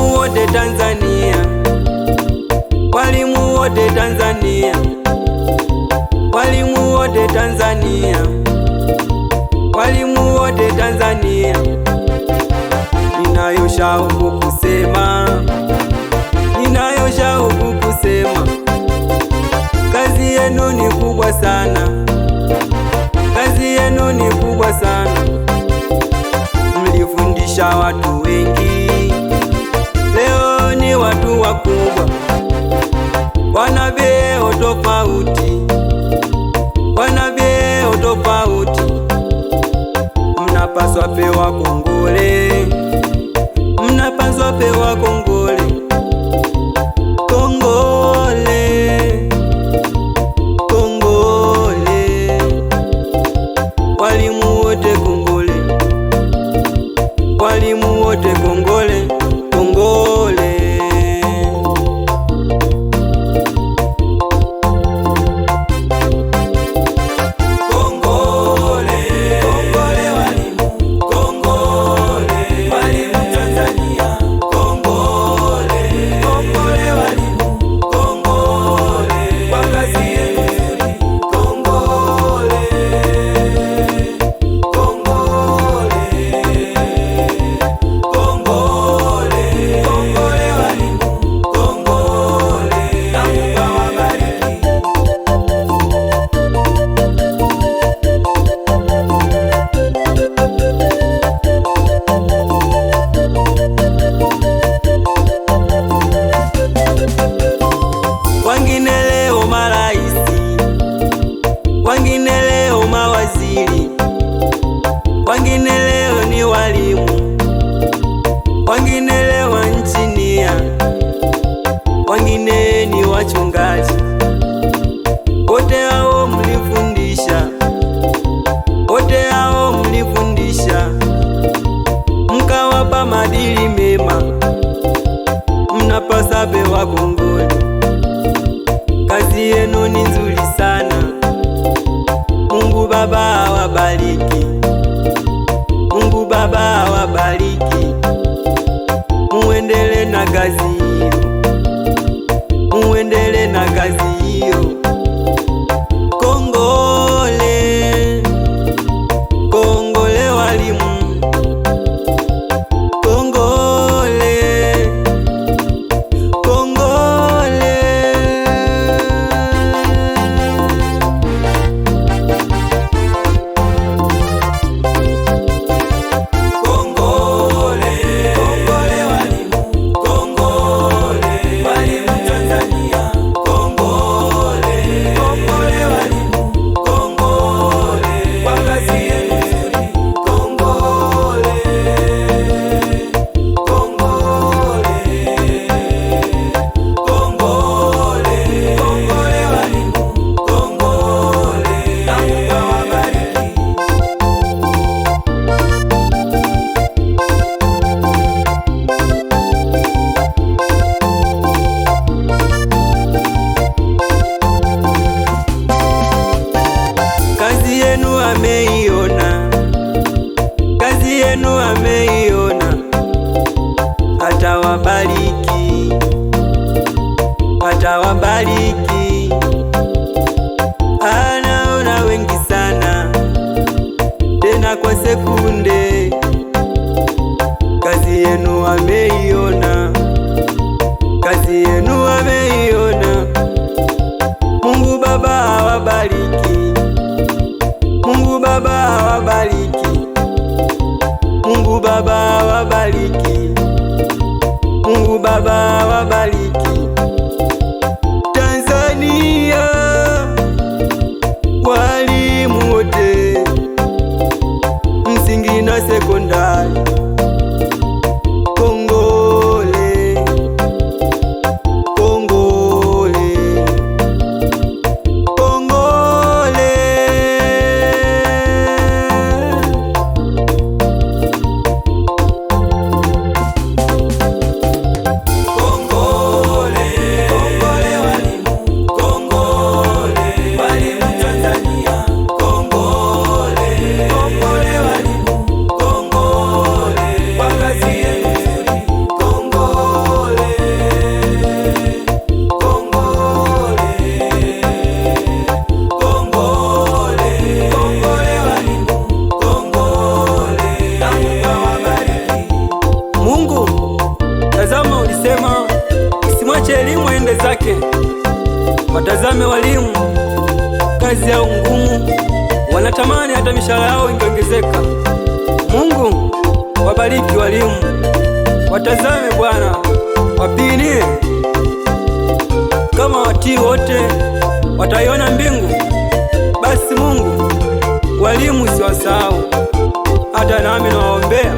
Walimu wote Tanzania, walimu wote Tanzania, walimu wote Tanzania, walimu wote Tanzania. Ninayo shauku kusema, ninayo shauku kusema, kazi yenu ni kubwa sana, kazi yenu ni kubwa sana, mlifundisha watu kubwa, wana vyeo tofauti, wana vyeo tofauti, mnapaswa pewa kongole, mnapaswa pewa kongole, kongole, kongole, walimu wote kongole, walimu wote kongole. wachungaji wote hao mlifundisha, wote hao mlifundisha, mkawapa madili mema, mnapasa pewa kongole. Kazi yenu ni nzuri sana. Mungu Baba awabariki, Mungu Baba awabariki, muendele na kazi awabariki, Mungu Baba awabariki, Mungu Baba awabariki. kazi yao ngumu, wanatamani hata mishahara yao ingeongezeka. Mungu wabariki walimu, watazame Bwana, wapinie kama watii wote wataiona mbingu. Basi Mungu, walimu siwasahau, hata nami nawaombea.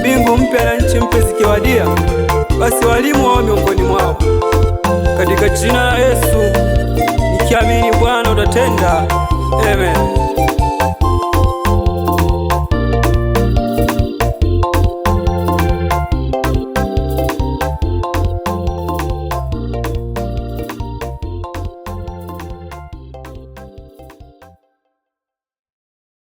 Mbingu mpya na nchi mpya zikiwadia, basi walimu wao miongoni mwao, katika jina la Yesu nikiamini Bwana kutenda. Amen.